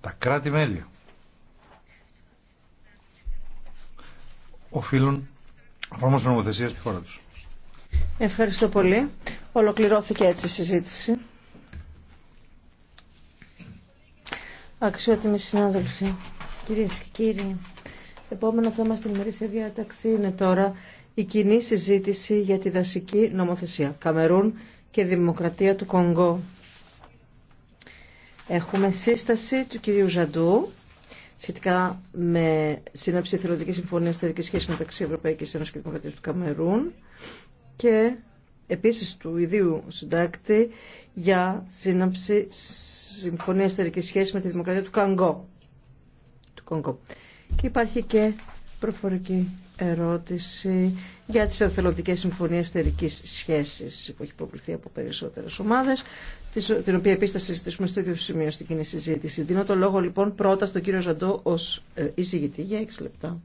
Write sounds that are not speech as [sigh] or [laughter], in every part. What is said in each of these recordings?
τα κράτη-μέλη οφείλουν εφαρμόσει νομοθεσία στη χώρα τους. Ευχαριστώ πολύ. Ολοκληρώθηκε έτσι η συζήτηση. Αξιότιμοι συνάδελφοι, κυρίες και κύριοι, επόμενο θέμα στην ημερήσια διάταξη είναι τώρα η κοινή συζήτηση για τη δασική νομοθεσία Καμερούν και Δημοκρατία του Κονγκό. Έχουμε σύσταση του κυρίου Ζαντού σχετικά με σύναψη θελοντικής συμφωνίας θερικής σχέση μεταξύ Ευρωπαϊκής Ένωσης και Δημοκρατίας του Καμερούν και επίσης του ιδίου συντάκτη για σύναψη συμφωνίας θερικής σχέση με τη Δημοκρατία του Καγκό. Του Και υπάρχει και προφορική ερώτηση για τις εθελοντικές συμφωνίες εταιρικής σχέσης που έχει υποβληθεί από περισσότερες ομάδες την οποία επίσης θα συζητήσουμε στο ίδιο σημείο στην κοινή συζήτηση. Δίνω το λόγο λοιπόν πρώτα στον κύριο Ζαντό ως ε, εισηγητή για 6 λεπτά.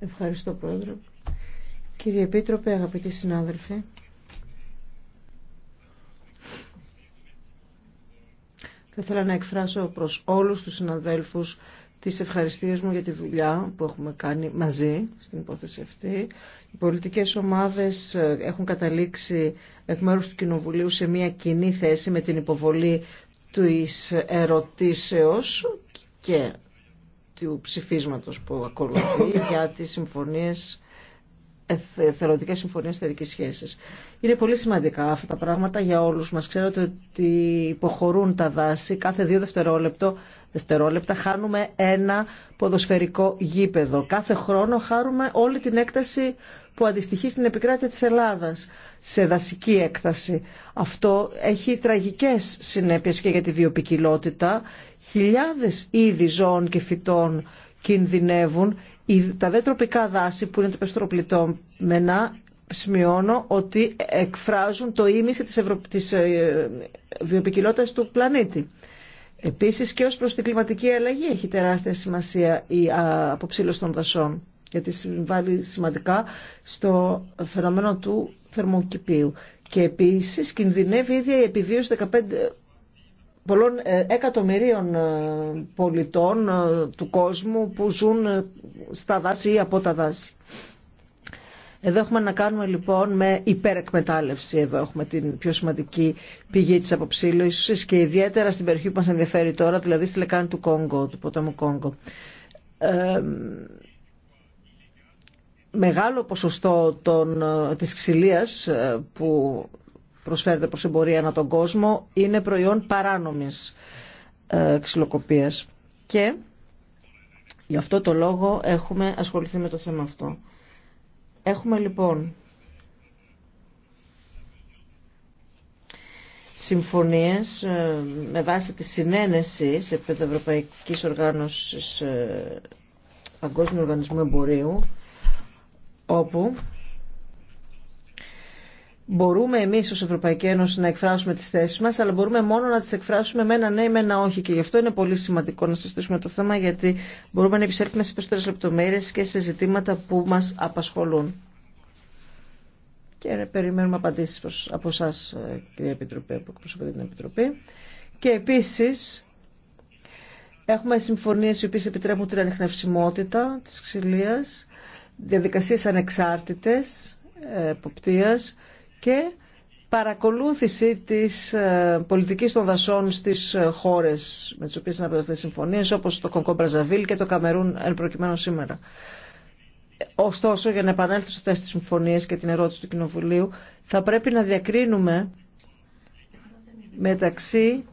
Ευχαριστώ Πρόεδρε. Κύριε Επίτροπε, αγαπητοί συνάδελφοι, θα ήθελα να εκφράσω προς όλους τους συναδέλφους τις ευχαριστίες μου για τη δουλειά που έχουμε κάνει μαζί στην υπόθεση αυτή. Οι πολιτικές ομάδες ε, έχουν καταλήξει εκ μέρους του Κοινοβουλίου σε μια κοινή θέση με την υποβολή του ερωτήσεως και του ψηφίσματος που ακολουθεί για τις συμφωνίες εθελοντικές συμφωνίες εταιρικής σχέσης. Είναι πολύ σημαντικά αυτά τα πράγματα για όλους μας. Ξέρετε ότι υποχωρούν τα δάση. Κάθε δύο δευτερόλεπτο, δευτερόλεπτα χάνουμε ένα ποδοσφαιρικό γήπεδο. Κάθε χρόνο χάρουμε όλη την έκταση που αντιστοιχεί στην επικράτεια της Ελλάδας σε δασική έκταση. Αυτό έχει τραγικές συνέπειες και για τη βιοπικιλότητα. Χιλιάδες είδη ζώων και φυτών κινδυνεύουν τα δε τροπικά δάση που είναι το περισσότερο σημειώνω ότι εκφράζουν το ίμιση της, Ευρω... της ε, του πλανήτη. Επίσης και ως προς την κλιματική αλλαγή έχει τεράστια σημασία η αποψήλωση των δασών γιατί συμβάλλει σημαντικά στο φαινόμενο του θερμοκηπίου. Και επίσης κινδυνεύει η ίδια η επιβίωση 15 πολλών ε, εκατομμυρίων ε, πολιτών ε, του κόσμου που ζουν στα δάση ή από τα δάση. Εδώ έχουμε να κάνουμε λοιπόν με υπερεκμετάλλευση. Εδώ έχουμε την πιο σημαντική πηγή της αποψήλωσης και ιδιαίτερα στην περιοχή που μας ενδιαφέρει τώρα, δηλαδή στη λεκάνη του Κόγκο, του ποταμού Κόγκο. μεγάλο ποσοστό των, της ξυλίας που προσφέρεται προς εμπορία ανά τον κόσμο είναι προϊόν παράνομης ε, ξυλοκοπίας. Και γι' αυτό το λόγο έχουμε ασχοληθεί με το θέμα αυτό. Έχουμε λοιπόν συμφωνίες ε, με βάση τη συνένεση σε επίπεδο Ευρωπαϊκής Οργάνωσης ε, Παγκόσμιου Οργανισμού Εμπορίου όπου Μπορούμε εμεί ω Ευρωπαϊκή Ένωση να εκφράσουμε τι θέσει μα, αλλά μπορούμε μόνο να τι εκφράσουμε με ένα ναι ή με ένα όχι. Και γι' αυτό είναι πολύ σημαντικό να συζητήσουμε το θέμα, γιατί μπορούμε να επισέλθουμε σε περισσότερε λεπτομέρειε και σε ζητήματα που μα απασχολούν. Και περιμένουμε απαντήσει από εσά, κυρία Επιτροπή, από εκπροσωπείτε την Επιτροπή. Και επίση, έχουμε συμφωνίε οι οποίε επιτρέπουν την ανιχνευσιμότητα τη ξυλία, διαδικασίε ανεξάρτητε, ε, εποπτείας, και παρακολούθηση της ε, πολιτικής των δασών στις ε, χώρες με τις οποίες είναι αυτές συμφωνίες, όπως το Κονκό Μπραζαβίλ και το Καμερούν, εν προκειμένου σήμερα. Ωστόσο, για να επανέλθω σε αυτές τις συμφωνίες και την ερώτηση του Κοινοβουλίου, θα πρέπει να διακρίνουμε μεταξύ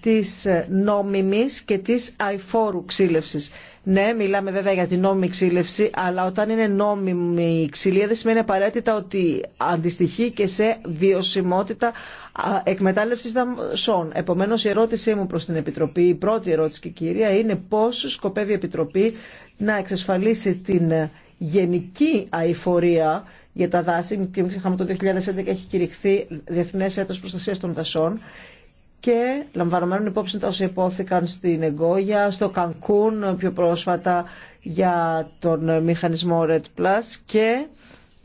της ε, νόμιμης και της αϊφόρου ξύλευσης. Ναι, μιλάμε βέβαια για την νόμιμη ξύλευση, αλλά όταν είναι νόμιμη η ξυλία δεν σημαίνει απαραίτητα ότι αντιστοιχεί και σε βιωσιμότητα εκμετάλλευση δασών. Επομένω, η ερώτησή μου προ την Επιτροπή, η πρώτη ερώτηση και κυρία, είναι πώ σκοπεύει η Επιτροπή να εξασφαλίσει την γενική αηφορία για τα δάση, και μην ξεχνάμε το 2011 έχει κηρυχθεί Διεθνέ Έτο Προστασία των Δασών, και λαμβανωμένων υπόψη τα όσα υπόθηκαν στην Εγκόγια, στο Κανκούν πιο πρόσφατα για τον μηχανισμό Red Plus και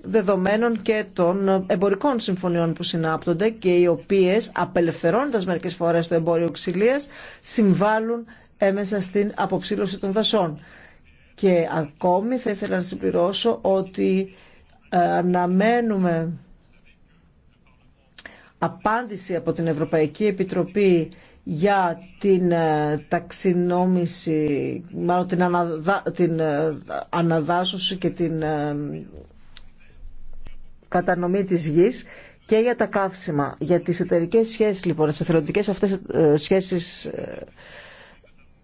δεδομένων και των εμπορικών συμφωνιών που συνάπτονται και οι οποίες απελευθερώνοντας μερικές φορές το εμπόριο ξυλίας συμβάλλουν έμεσα στην αποψήλωση των δασών. Και ακόμη θα ήθελα να συμπληρώσω ότι ε, αναμένουμε απάντηση από την Ευρωπαϊκή Επιτροπή για την ε, ταξινόμηση, μάλλον την, αναδα... Ε, αναδάσωση και την ε, κατανομή της γης και για τα καύσιμα, για τις εταιρικέ σχέσεις λοιπόν, τις εθελοντικές αυτές σχέσεις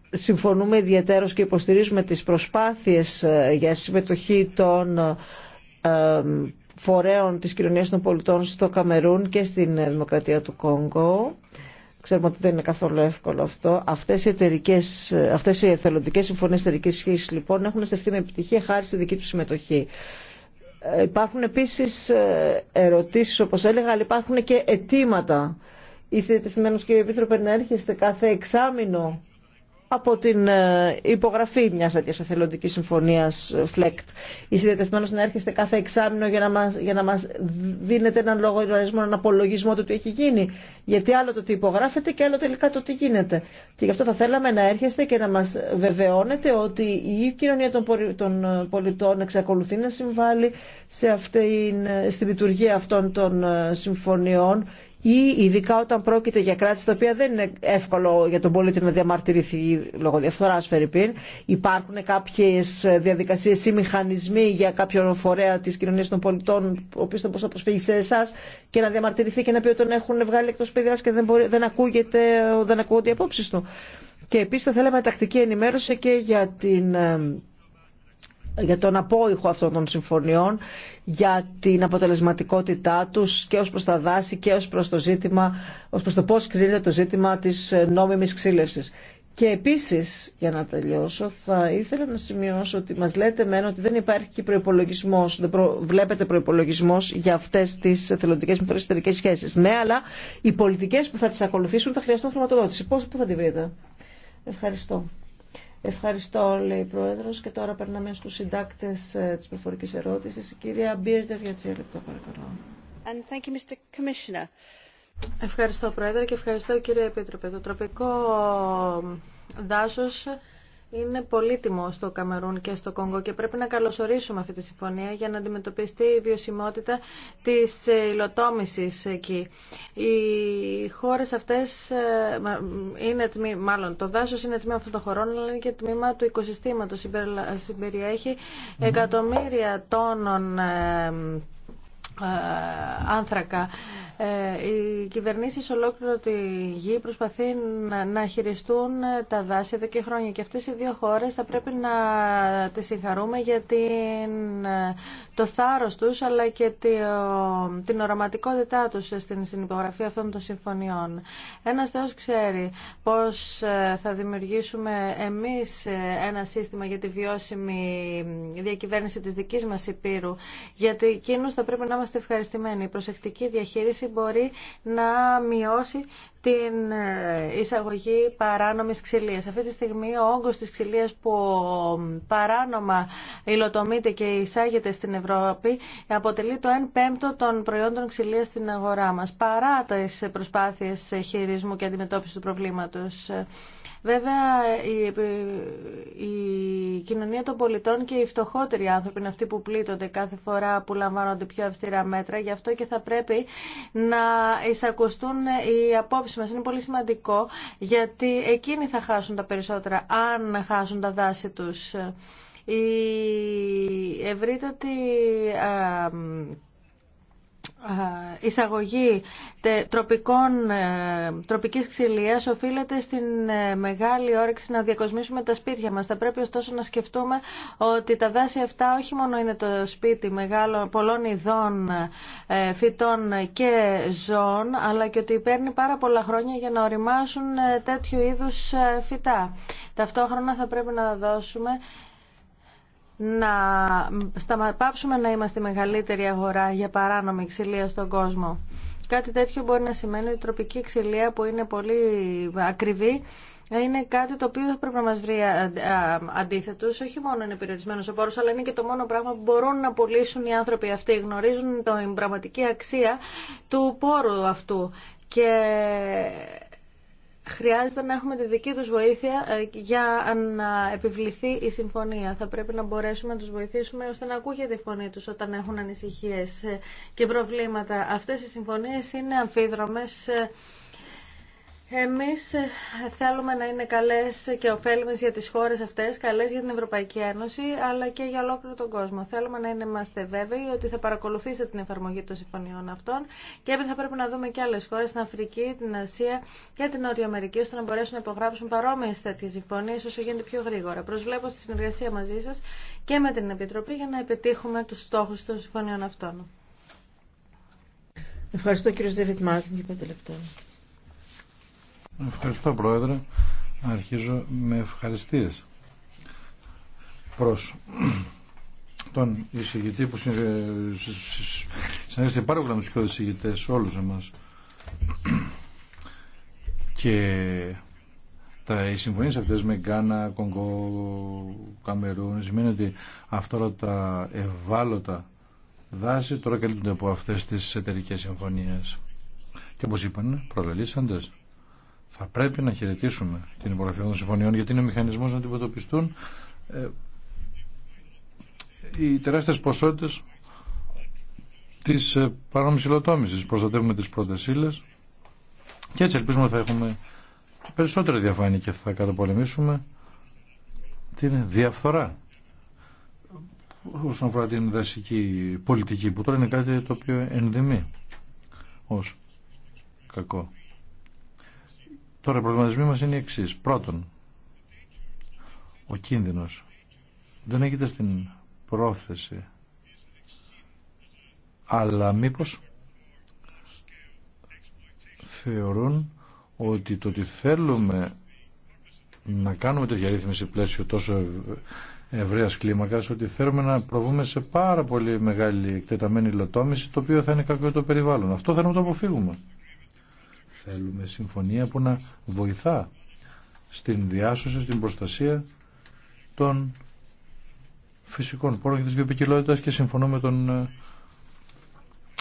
συμφωνούμε ιδιαίτερως και υποστηρίζουμε τις προσπάθειες για συμμετοχή των φορέων της κοινωνίας των πολιτών στο Καμερούν και στην Δημοκρατία του Κόγκο. Ξέρουμε ότι δεν είναι καθόλου εύκολο αυτό. Αυτές οι, εταιρικές, αυτές οι εθελοντικές συμφωνίες εταιρικής σχέσης λοιπόν έχουν στεφτεί με επιτυχία χάρη στη δική του συμμετοχή. Ε, υπάρχουν επίσης ε, ερωτήσεις όπως έλεγα, αλλά υπάρχουν και αιτήματα. Είστε διατεθειμένος κύριε Επίτροπε να έρχεστε κάθε εξάμηνο από την ε, υπογραφή μιας τέτοιας εθελοντικής συμφωνίας FLECT. Ε, Είσαι διατεθειμένος να έρχεστε κάθε εξάμεινο για να μα για να μας δίνετε έναν λόγο λογαριασμό, έναν απολογισμό του τι έχει γίνει. Γιατί άλλο το τι υπογράφεται και άλλο τελικά το τι γίνεται. Και γι' αυτό θα θέλαμε να έρχεστε και να μας βεβαιώνετε ότι η κοινωνία των ε, πολιτών εξακολουθεί να συμβάλλει σε αυτή, στη λειτουργία αυτών των συμφωνιών ή ειδικά όταν πρόκειται για κράτη τα οποία δεν είναι εύκολο για τον πολίτη να διαμαρτυρηθεί λόγω διαφθορά, Φερρυπίν. Υπάρχουν κάποιε διαδικασίε ή μηχανισμοί για κάποιον φορέα τη κοινωνία των πολιτών, ο οποίο θα μπορούσε να προσφύγει σε εσά και να διαμαρτυρηθεί και να πει ότι τον έχουν βγάλει εκτό παιδιά και δεν, δεν, ακούγεται, δεν ακούγονται οι απόψει του. Και επίση θα θέλαμε τακτική ενημέρωση και για την ε, για τον απόϊχο αυτών των συμφωνιών, για την αποτελεσματικότητά τους και ως προς τα δάση και ως προς το ζήτημα, ως προς το πώς κρίνεται το ζήτημα της νόμιμης ξύλευσης. Και επίσης, για να τελειώσω, θα ήθελα να σημειώσω ότι μας λέτε μένω ότι δεν υπάρχει και προϋπολογισμός, δεν βλέπετε προϋπολογισμός για αυτές τις εθελοντικές με εσωτερικές σχέσεις. Ναι, αλλά οι πολιτικές που θα τις ακολουθήσουν θα χρειαστούν χρηματοδότηση. Πώς, πού θα τη βρείτε. Ευχαριστώ. Ευχαριστώ, λέει η Πρόεδρο. Και τώρα περνάμε στου συντάκτε ε, τη προφορική ερώτηση. Η κυρία Μπίρτερ για τρία λεπτά, παρακαλώ. Ευχαριστώ, Πρόεδρε, και ευχαριστώ, κύριε Επίτροπε. Το τροπικό δάσο είναι πολύτιμο στο Καμερούν και στο Κονγκό και πρέπει να καλωσορίσουμε αυτή τη συμφωνία για να αντιμετωπιστεί η βιωσιμότητα της υλοτόμησης εκεί. Οι χώρες αυτές ε, είναι τμήμα, μάλλον το δάσος είναι τμήμα αυτών των χωρών, αλλά είναι και τμήμα του οικοσυστήματος. Συμπεριέχει εκατομμύρια τόνων ε, ε, άνθρακα. Ε, οι κυβερνήσει ολόκληρο τη γη προσπαθεί να χειριστούν ε, τα δάση εδώ και χρόνια και αυτές οι δύο χώρες θα πρέπει να τις συγχαρούμε για το θάρρος τους αλλά και την οραματικότητά τους στην συνυπογραφή αυτών των συμφωνιών. Ένας Θεός ξέρει πώς θα δημιουργήσουμε εμείς ένα σύστημα για τη βιώσιμη διακυβέρνηση της δικής μας υπήρου γιατί εκείνους θα πρέπει να είμαστε ευχαριστημένοι. Η προσεκτική διαχείριση μπορεί να μειώσει την ε, εισαγωγή παράνομης ξυλίας. Αυτή τη στιγμή ο όγκος της ξυλίας που παράνομα υλοτομείται και εισάγεται στην Ευρώπη αποτελεί το 1 πέμπτο των προϊόντων ξυλίας στην αγορά μας, παρά τις προσπάθειες χειρισμού και αντιμετώπισης του προβλήματος. Βέβαια, η, η κοινωνία των πολιτών και οι φτωχότεροι άνθρωποι είναι αυτοί που πλήττονται κάθε φορά που λαμβάνονται πιο αυστηρά μέτρα. Γι' αυτό και θα πρέπει να εισακουστούν οι μας. Είναι πολύ σημαντικό γιατί εκείνοι θα χάσουν τα περισσότερα αν χάσουν τα δάση τους. Η ευρύτατη η εισαγωγή τροπικών, ε, τροπικής ξυλίας οφείλεται στην ε, μεγάλη όρεξη να διακοσμήσουμε τα σπίτια μας. Θα πρέπει ωστόσο να σκεφτούμε ότι τα δάση αυτά όχι μόνο είναι το σπίτι μεγάλο, πολλών ειδών ε, φυτών και ζώων, αλλά και ότι παίρνει πάρα πολλά χρόνια για να οριμάσουν τέτοιου είδους φυτά. Ταυτόχρονα θα πρέπει να δώσουμε να σταματάψουμε να είμαστε η μεγαλύτερη αγορά για παράνομη ξυλία στον κόσμο. Κάτι τέτοιο μπορεί να σημαίνει ότι η τροπική ξυλία που είναι πολύ ακριβή είναι κάτι το οποίο θα πρέπει να μας βρει αντίθετο, Όχι μόνο είναι περιορισμένο ο πόρος, αλλά είναι και το μόνο πράγμα που μπορούν να πουλήσουν οι άνθρωποι αυτοί. Γνωρίζουν την πραγματική αξία του πόρου αυτού. Και χρειάζεται να έχουμε τη δική τους βοήθεια ε, για να επιβληθεί η συμφωνία. Θα πρέπει να μπορέσουμε να τους βοηθήσουμε ώστε να ακούγεται η φωνή τους όταν έχουν ανησυχίες ε, και προβλήματα. Αυτές οι συμφωνίες είναι αμφίδρομες ε, εμείς ε, θέλουμε να είναι καλές και ωφέλιμες για τις χώρες αυτές, καλές για την Ευρωπαϊκή Ένωση, αλλά και για ολόκληρο τον κόσμο. Θέλουμε να είμαστε βέβαιοι ότι θα παρακολουθήσετε την εφαρμογή των συμφωνιών αυτών και έπειτα θα πρέπει να δούμε και άλλες χώρες, στην Αφρική, την Ασία και την Νότια Αμερική, ώστε να μπορέσουν να υπογράψουν παρόμοιες τέτοιες συμφωνίες όσο γίνεται πιο γρήγορα. Προσβλέπω στη συνεργασία μαζί σας και με την Επιτροπή για να επιτύχουμε τους στόχους των συμφωνιών αυτών. Ευχαριστώ κύριο Δέβιτ Μάρτιν για πέντε λεπτά. Ευχαριστώ Πρόεδρε. Αρχίζω με ευχαριστίες προς τον εισηγητή που συνέχισε πάρα πολλά με τους κοιόδες εισηγητές όλους εμάς και τα, οι συμφωνίε αυτές με Γκάνα, Κονγκό, Καμερούν σημαίνει ότι αυτά τα ευάλωτα δάση τώρα καλύπτονται από αυτές τις εταιρικές συμφωνίες και όπως είπαν προλαλήσαντες θα πρέπει να χαιρετήσουμε την υπογραφή των συμφωνιών γιατί είναι μηχανισμός να αντιμετωπιστούν ε, οι τεράστιες ποσότητες της ε, παράνομης Προστατεύουμε τις πρώτες και έτσι ελπίζουμε θα έχουμε περισσότερη διαφάνεια και θα καταπολεμήσουμε την διαφθορά όσον αφορά την δασική πολιτική που τώρα είναι κάτι το οποίο ενδυμεί ως κακό. Τώρα οι προβληματισμοί μας είναι οι εξής. Πρώτον, ο κίνδυνος δεν έγινε στην πρόθεση αλλά μήπως θεωρούν ότι το ότι θέλουμε να κάνουμε τέτοια ρύθμιση πλαίσιο τόσο ευρέα κλίμακα, ότι θέλουμε να προβούμε σε πάρα πολύ μεγάλη εκτεταμένη υλοτόμηση, το οποίο θα είναι κακό το περιβάλλον. Αυτό θέλουμε να το αποφύγουμε. Θέλουμε συμφωνία που να βοηθά στην διάσωση, στην προστασία των φυσικών πόρων και της βιοποικιλότητας και συμφωνώ με, τον, ε,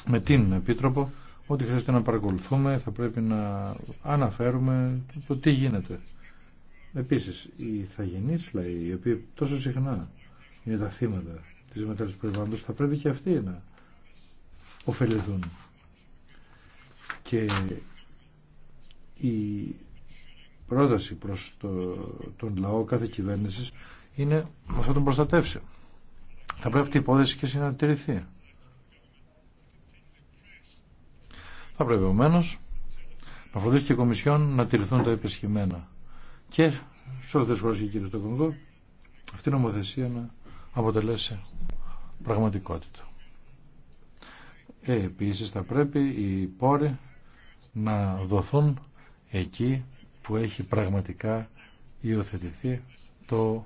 με την Επίτροπο ότι χρειάζεται να παρακολουθούμε, θα πρέπει να αναφέρουμε το τι γίνεται. Επίσης, οι θαγενείς λαοί, οι οποίοι τόσο συχνά είναι τα θύματα της μετάλλησης περιβάλλοντος, θα πρέπει και αυτοί να ωφεληθούν. Και η πρόταση προς το, τον λαό κάθε κυβέρνηση είναι να τον προστατεύσει. Θα πρέπει αυτή η υπόθεση και συναντηρηθεί. Θα πρέπει ομένω να φροντίσει και η Κομισιόν να τηρηθούν τα επισχημένα. Και σε όλε τι χώρε και κύριε στο Κονγκό αυτή η νομοθεσία να αποτελέσει πραγματικότητα. Ε, επίσης θα πρέπει οι πόροι να δοθούν εκεί που έχει πραγματικά υιοθετηθεί το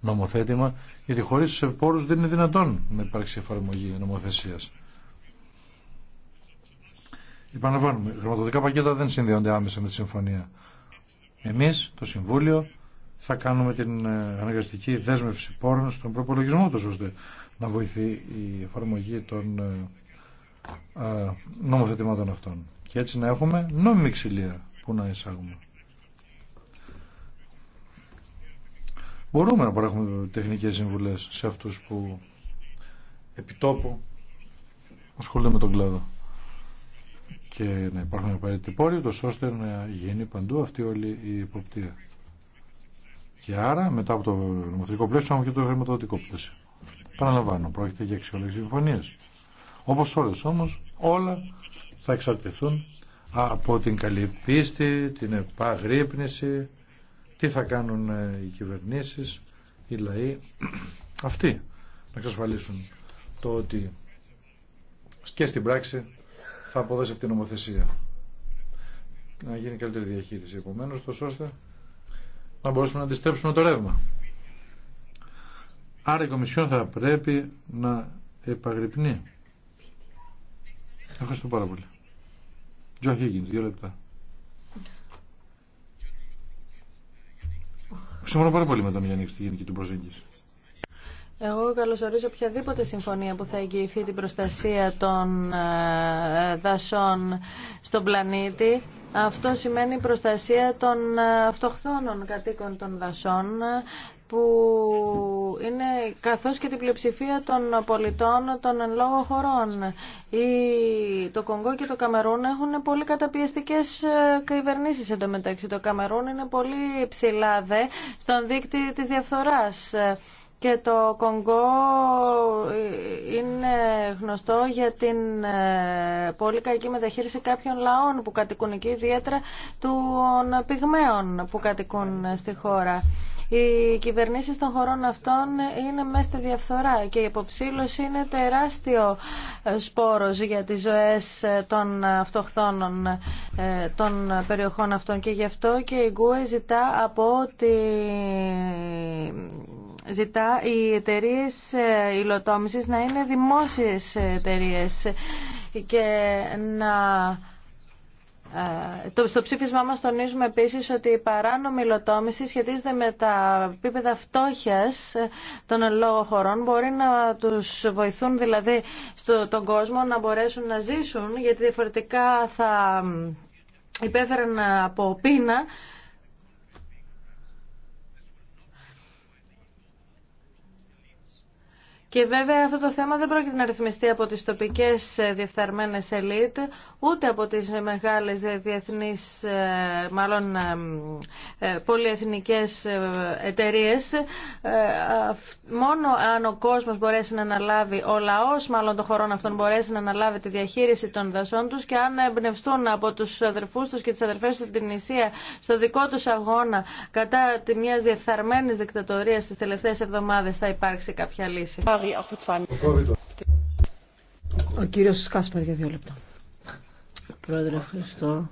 νομοθέτημα, γιατί χωρίς τους πόρους δεν είναι δυνατόν να υπάρξει εφαρμογή νομοθεσίας. Επαναλαμβάνουμε, χρηματοδοτικά πακέτα δεν συνδέονται άμεσα με τη συμφωνία. Εμείς, το Συμβούλιο, θα κάνουμε την ε, αναγκαστική δέσμευση πόρων στον προπολογισμό τους, ώστε να βοηθεί η εφαρμογή των ε, νομοθετημάτων αυτών. Και έτσι να έχουμε νόμιμη ξυλία που να εισάγουμε. Μπορούμε να παρέχουμε τεχνικές συμβουλές σε αυτούς που επιτόπου ασχολούνται με τον κλάδο και να υπάρχουν απαραίτητοι πόροι, ούτως ώστε να γίνει παντού αυτή όλη η υποπτία. Και άρα μετά από το νομοθετικό πλαίσιο έχουμε και το χρηματοδοτικό πλαίσιο. Παραλαμβάνω, πρόκειται για αξιολόγηση συμφωνίε. Όπω όλε όμω, όλα θα εξαρτηθούν από την καλή πίστη, την επαγρύπνηση, τι θα κάνουν ε, οι κυβερνήσεις, οι λαοί, [clears throat] αυτοί να εξασφαλίσουν το ότι και στην πράξη θα αποδώσει αυτή η νομοθεσία. Να γίνει καλύτερη διαχείριση επομένως, τόσο ώστε να μπορέσουμε να αντιστρέψουμε το ρεύμα. Άρα η Κομισιόν θα πρέπει να επαγρυπνεί. Ευχαριστώ πάρα πολύ. Τζο δύο λεπτά. Συμφωνώ πάρα πολύ με τον Γιάννη στη γενική του προσέγγιση. Εγώ καλωσορίζω οποιαδήποτε συμφωνία που θα εγγυηθεί την προστασία των ε, δασών στον πλανήτη. Αυτό σημαίνει προστασία των ε, αυτοχθόνων κατοίκων των δασών, που είναι καθώς και την πλειοψηφία των πολιτών των εν λόγω χωρών. Η, το Κονγκό και το Καμερούν έχουν πολύ καταπιεστικές ε, κυβερνήσεις εντωμεταξύ. Το Καμερούν είναι πολύ ψηλά δε στον δίκτυο της διαφθοράς και το Κονγκό ε, είναι γνωστό για την ε, πολύ κακή μεταχείριση κάποιων λαών που κατοικούν εκεί, ιδιαίτερα των πυγμαίων που κατοικούν στη χώρα. Οι κυβερνήσεις των χωρών αυτών είναι μέσα στη διαφθορά και η υποψήλωση είναι τεράστιο σπόρος για τις ζωές ε, των αυτοχθόνων των περιοχών αυτών και γι' αυτό και η Γκουε ζητά από τη ζητά οι εταιρείε υλοτόμηση να είναι δημόσιες εταιρείε και να ε, στο ψήφισμά μας τονίζουμε επίσης ότι η παράνομη υλοτόμηση σχετίζεται με τα επίπεδα φτώχειας των λόγω χωρών. Μπορεί να τους βοηθούν δηλαδή στον κόσμο να μπορέσουν να ζήσουν γιατί διαφορετικά θα υπέφεραν από πείνα Και βέβαια αυτό το θέμα δεν πρόκειται να ρυθμιστεί από τις τοπικές ε, διεφθαρμένες ελίτ, ούτε από τις μεγάλες ε, διεθνείς, ε, μάλλον πολυεθνικές εταιρείες. Μόνο αν ο κόσμος μπορέσει να αναλάβει, ο λαός μάλλον των χωρών αυτών μπορέσει να αναλάβει τη διαχείριση των δασών τους και αν εμπνευστούν από τους αδερφούς τους και τις αδερφές του την Ισία στο δικό τους αγώνα κατά μιας διεφθαρμένης δικτατορίας τις τελευταίες εβδομάδες θα υπάρξει κάποια λύση. Ο κύριος Κάσπερ για δύο λεπτά. Πρόεδρε, ευχαριστώ.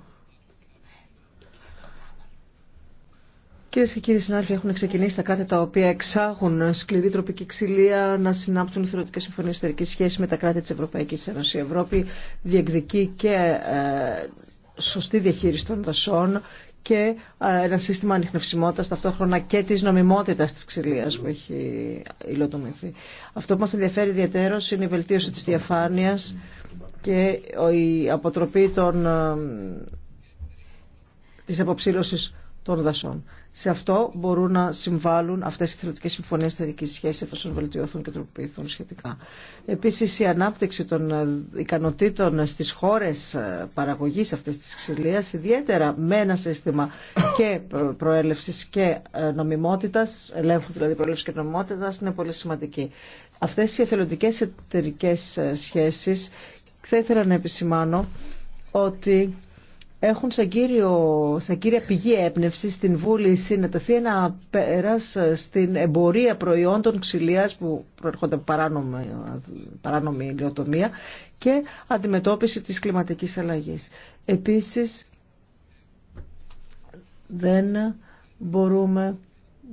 Κυρίε και κύριοι συνάδελφοι, έχουν ξεκινήσει τα κράτη τα οποία εξάγουν σκληρή τροπική ξυλία να συνάπτουν θεωρητικέ συμφωνίε εταιρική σχέση με τα κράτη τη Ευρωπαϊκή Ένωση. Η Ευρώπη διεκδικεί και ε, σωστή διαχείριση των δασών και ε, ένα σύστημα ανιχνευσιμότητας ταυτόχρονα και της νομιμότητας της ξυλίας που έχει υλοτομηθεί. Αυτό που μας ενδιαφέρει ιδιαίτερως είναι η βελτίωση της διαφάνειας και η αποτροπή των, ε, της αποψήλωσης των δασών. Σε αυτό μπορούν να συμβάλλουν αυτέ οι θεωρητικέ συμφωνίε εταιρική σχέση εφόσον βελτιωθούν και τροποποιηθούν σχετικά. Επίση, η ανάπτυξη των ε, ικανοτήτων στι χώρε παραγωγή αυτή τη ξυλία, ιδιαίτερα με ένα σύστημα και προέλευση και ε, νομιμότητα, ελέγχου δηλαδή προέλευση και νομιμότητα, είναι πολύ σημαντική. Αυτέ οι εθελοντικέ εταιρικέ ε, σχέσει θα ήθελα να επισημάνω ότι έχουν σαν, κύριο, σαν κύρια πηγή έπνευση στην βούληση να τεθεί ένα πέρα στην εμπορία προϊόντων ξυλία που προέρχονται από παράνομη, παράνομη ηλιοτομία και αντιμετώπιση της κλιματικής αλλαγής. Επίσης, δεν μπορούμε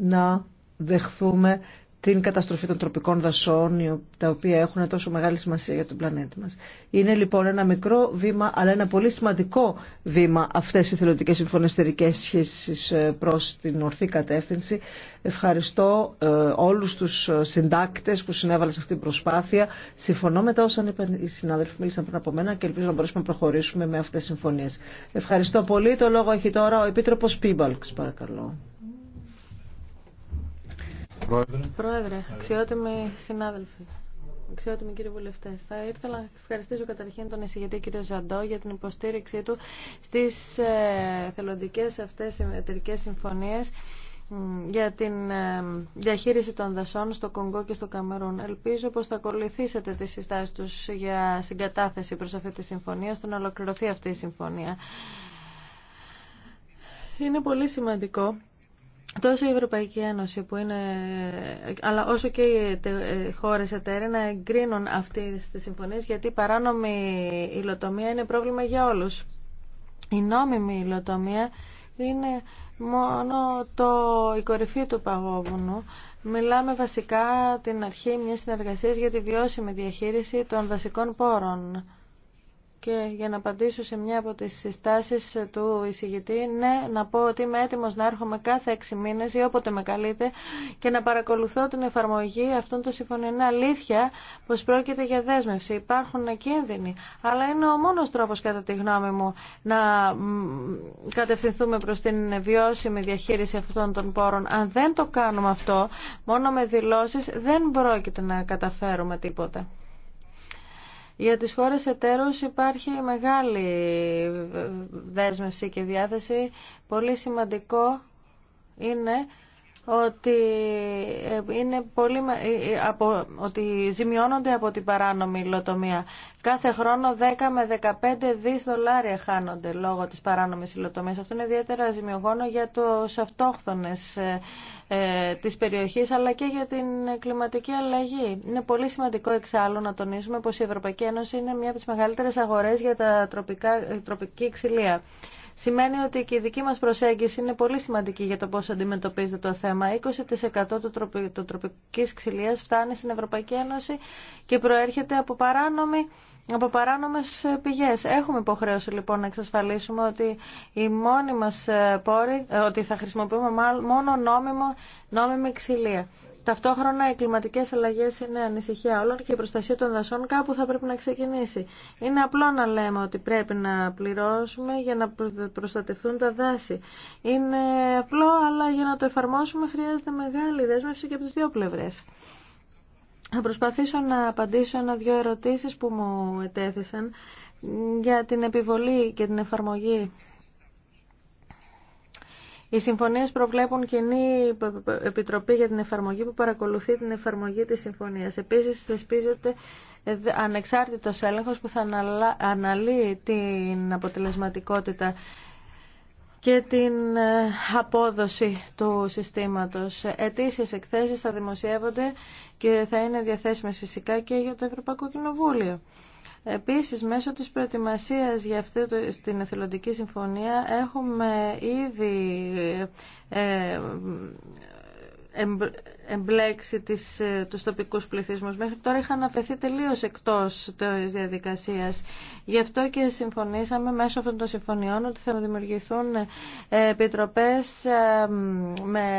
να δεχθούμε την καταστροφή των τροπικών δασών, τα οποία έχουν τόσο μεγάλη σημασία για τον πλανήτη μας. Είναι λοιπόν ένα μικρό βήμα, αλλά ένα πολύ σημαντικό βήμα αυτές οι θελοντικές συμφωνεστερικές σχέσεις ε, προς την ορθή κατεύθυνση. Ευχαριστώ ε, όλους τους συντάκτες που συνέβαλαν σε αυτή την προσπάθεια. Συμφωνώ με τα όσα είπαν οι συνάδελφοι που μίλησαν πριν από μένα και ελπίζω να μπορέσουμε να προχωρήσουμε με αυτές τις συμφωνίες. Ευχαριστώ πολύ. Το λόγο έχει τώρα ο Επίτροπος Πίμπαλξ, παρακαλώ. Πρόεδρε. Πρόεδρε, αξιότιμοι συνάδελφοι. Αξιότιμοι κύριοι βουλευτέ, θα ήθελα να ευχαριστήσω καταρχήν τον εισηγητή κύριο Ζαντό για την υποστήριξή του στι ε, θελοντικέ αυτέ εταιρικέ συμφωνίε για την ε, διαχείριση των δασών στο Κονγκό και στο Καμερούν. Ελπίζω πως θα ακολουθήσετε τις συστάσεις τους για συγκατάθεση προς αυτή τη συμφωνία, στο να ολοκληρωθεί αυτή η συμφωνία. Είναι πολύ σημαντικό τόσο η Ευρωπαϊκή Ένωση που είναι, αλλά όσο και οι ε, χώρε εταίρε να εγκρίνουν αυτή τι συμφωνίε, γιατί η παράνομη υλοτομία είναι πρόβλημα για όλους. Η νόμιμη υλοτομία είναι μόνο το, η κορυφή του παγόβουνου. Μιλάμε βασικά την αρχή μιας συνεργασίας για τη βιώσιμη διαχείριση των βασικών πόρων. Και για να απαντήσω σε μια από τις συστάσεις του εισηγητή, ναι, να πω ότι είμαι έτοιμος να έρχομαι κάθε έξι μήνες ή όποτε με καλείτε και να παρακολουθώ την εφαρμογή αυτών των συμφωνιών. Είναι αλήθεια πως πρόκειται για δέσμευση. Υπάρχουν κίνδυνοι, αλλά είναι ο μόνος τρόπος κατά τη γνώμη μου να κατευθυνθούμε προς την βιώσιμη διαχείριση αυτών των πόρων. Αν δεν το κάνουμε αυτό, μόνο με δηλώσεις δεν πρόκειται να καταφέρουμε τίποτα. Για τις χώρες εταίρους υπάρχει μεγάλη δέσμευση και διάθεση. Πολύ σημαντικό είναι ότι, ε, είναι πολύ, ε, ε, από, ότι ζημιώνονται από την παράνομη υλοτομία. Κάθε χρόνο 10 με 15 δις δολάρια χάνονται λόγω της παράνομης υλοτομίας. Αυτό είναι ιδιαίτερα ζημιογόνο για τους αυτόχθονες ε, της περιοχής αλλά και για την κλιματική αλλαγή. Είναι πολύ σημαντικό εξάλλου να τονίσουμε πως η Ευρωπαϊκή Ένωση είναι μία από τις μεγαλύτερες αγορές για τα τροπικά, τροπική ξυλία σημαίνει ότι και η δική μας προσέγγιση είναι πολύ σημαντική για το πώς αντιμετωπίζεται το θέμα. 20% του το τροπικής ξυλίας φτάνει στην Ευρωπαϊκή Ένωση και προέρχεται από, παράνομη, από παράνομες πηγές. Έχουμε υποχρέωση λοιπόν να εξασφαλίσουμε ότι η μόνη μας ε, πόρη, ε, ότι θα χρησιμοποιούμε μόνο νόμιμο, νόμιμη ξυλία. Ταυτόχρονα οι κλιματικές αλλαγές είναι ανησυχία όλων και η προστασία των δασών κάπου θα πρέπει να ξεκινήσει. Είναι απλό να λέμε ότι πρέπει να πληρώσουμε για να προστατευτούν τα δάση. Είναι απλό, αλλά για να το εφαρμόσουμε χρειάζεται μεγάλη δέσμευση και από τις δύο πλευρές. Θα προσπαθήσω να απαντήσω ένα-δυο ερωτήσεις που μου ετέθησαν για την επιβολή και την εφαρμογή οι συμφωνίε προβλέπουν κοινή επιτροπή για την εφαρμογή που παρακολουθεί την εφαρμογή τη συμφωνία. Επίση, θεσπίζεται ανεξάρτητο έλεγχο που θα αναλύει την αποτελεσματικότητα και την ε, απόδοση του συστήματος. Ετήσιες εκθέσεις θα δημοσιεύονται και θα είναι διαθέσιμες φυσικά και για το Ευρωπαϊκό Κοινοβούλιο. Επίσης, μέσω της προετοιμασίας για αυτή την εθελοντική συμφωνία έχουμε ήδη ε, εμπλέξει τις, ε, τους τοπικούς πληθυσμούς. Μέχρι τώρα είχαν αφαιθεί τελείως εκτός της διαδικασίας. Γι' αυτό και συμφωνήσαμε μέσω αυτών των συμφωνιών ότι θα δημιουργηθούν ε, επιτροπές με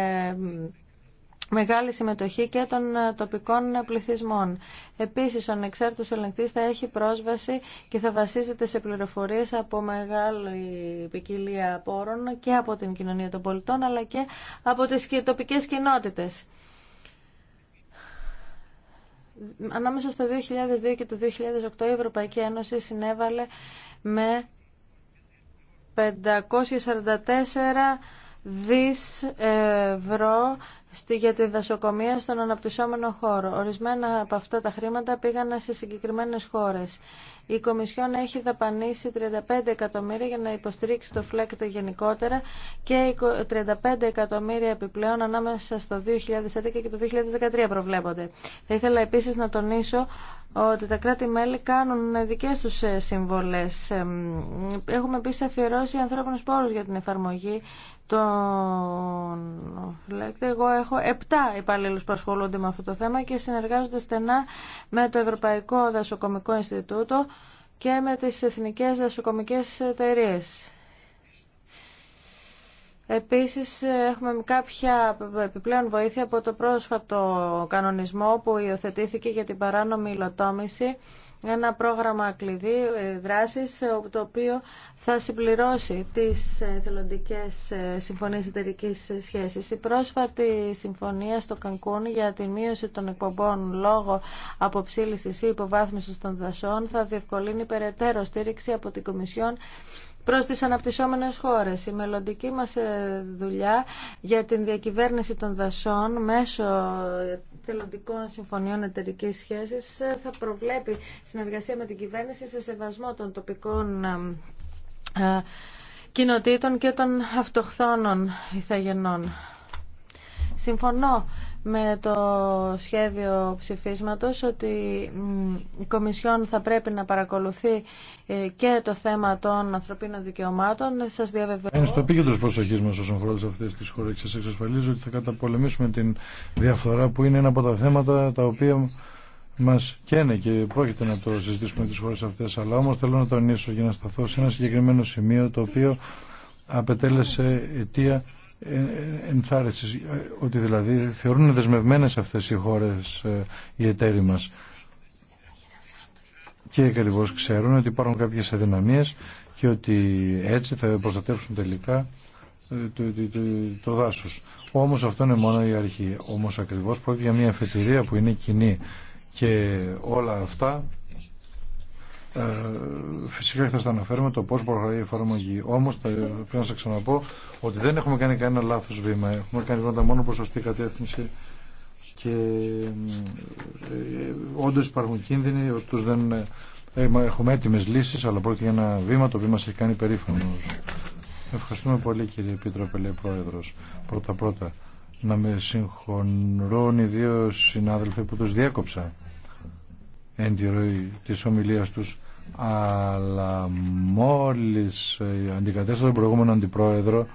μεγάλη συμμετοχή και των ε, τοπικών ε, πληθυσμών. Επίσης, ο ανεξάρτητος ελεγκτής θα έχει πρόσβαση και θα βασίζεται σε πληροφορίες από μεγάλη ποικιλία πόρων και από την κοινωνία των πολιτών, αλλά και από τις τοπικές κοινότητες. Ανάμεσα στο 2002 και το 2008 η Ευρωπαϊκή Ένωση συνέβαλε με 544 δις ευρώ για τη δασοκομεία στον αναπτυσσόμενο χώρο. Ορισμένα από αυτά τα χρήματα πήγαν σε συγκεκριμένε χώρε. Η Κομισιόν έχει δαπανίσει 35 εκατομμύρια για να υποστηρίξει το ΦΛΕΚΤ γενικότερα και 35 εκατομμύρια επιπλέον ανάμεσα στο 2011 και το 2013 προβλέπονται. Θα ήθελα επίσης να τονίσω ότι τα κράτη-μέλη κάνουν δικές τους ε, συμβολές. Έχουμε επίσης αφιερώσει ανθρώπινους πόρους για την εφαρμογή των ΦΛΕΚΤ. Εγώ έχω 7 υπαλλήλους που ασχολούνται με αυτό το θέμα και συνεργάζονται στενά με το Ευρωπαϊκό Δασοκομικό Ινστιτούτο και με τις Εθνικές Δασοκομικές εταιρείε. Επίσης έχουμε κάποια επιπλέον βοήθεια από το πρόσφατο κανονισμό που υιοθετήθηκε για την παράνομη υλοτόμηση ένα πρόγραμμα κλειδί ε, δράσης ε, το οποίο θα συμπληρώσει τις ε, θελοντικές συμφωνίες εταιρική σχέσης. Η πρόσφατη συμφωνία στο Κανκούν για τη μείωση των εκπομπών λόγω αποψήλυσης ή υποβάθμισης των δασών θα διευκολύνει περαιτέρω στήριξη από την Κομισιόν Προ τι αναπτυσσόμενες χώρες. Η μελλοντική μας ε, δουλειά για την διακυβέρνηση των δασών μέσω θελοντικών συμφωνιών εταιρική σχέση, ε, θα προβλέπει συνεργασία με την κυβέρνηση σε σεβασμό των τοπικών ε, κοινοτήτων και των αυτοχθόνων ηθαγενών. Συμφωνώ με το σχέδιο ψηφίσματος ότι η Κομισιόν θα πρέπει να παρακολουθεί ε, και το θέμα των ανθρωπίνων δικαιωμάτων. Σας διαβεβαιώ. Είναι στο επίκεντρο προσοχή μας όσον αφορά αυτές τις χώρες. σα εξασφαλίζω ότι θα καταπολεμήσουμε την διαφθορά που είναι ένα από τα θέματα τα οποία μας καίνε και πρόκειται να το συζητήσουμε τι χώρε αυτέ, Αλλά όμω θέλω να τονίσω για να σταθώ σε ένα συγκεκριμένο σημείο το οποίο απετέλεσε αιτία ενθάρρυνση. ότι δηλαδή θεωρούν δεσμευμένες αυτές οι χώρες ε, οι εταίροι μας. Και ακριβώ ξέρουν ότι υπάρχουν κάποιε αδυναμίες και ότι έτσι θα προστατεύσουν τελικά ε, το, το, το, Όμως αυτό είναι μόνο η αρχή. όμω ακριβώς πρόκειται για μια αφετηρία που είναι κοινή και όλα αυτά ε, φυσικά θα τα αναφέρουμε το πώ προχωράει η εφαρμογή. Όμω πρέπει να σα ξαναπώ ότι δεν έχουμε κάνει κανένα λάθο βήμα. Έχουμε κάνει βήματα μόνο προ σωστή κατεύθυνση και ε, όντω υπάρχουν κίνδυνοι, τους δεν ε, έχουμε έτοιμε λύσει, αλλά πρόκειται για ένα βήμα, το οποίο μα έχει κάνει περήφανος. Ευχαριστούμε πολύ κύριε Επίτροπε, Πρόεδρος. Πρώτα-πρώτα να με συγχωνρώνουν οι δύο συνάδελφοι που τους διέκοψα εν τη ροή της ομιλίας τους αλλά μόλις ε, αντικατέστησε τον προηγούμενο αντιπρόεδρο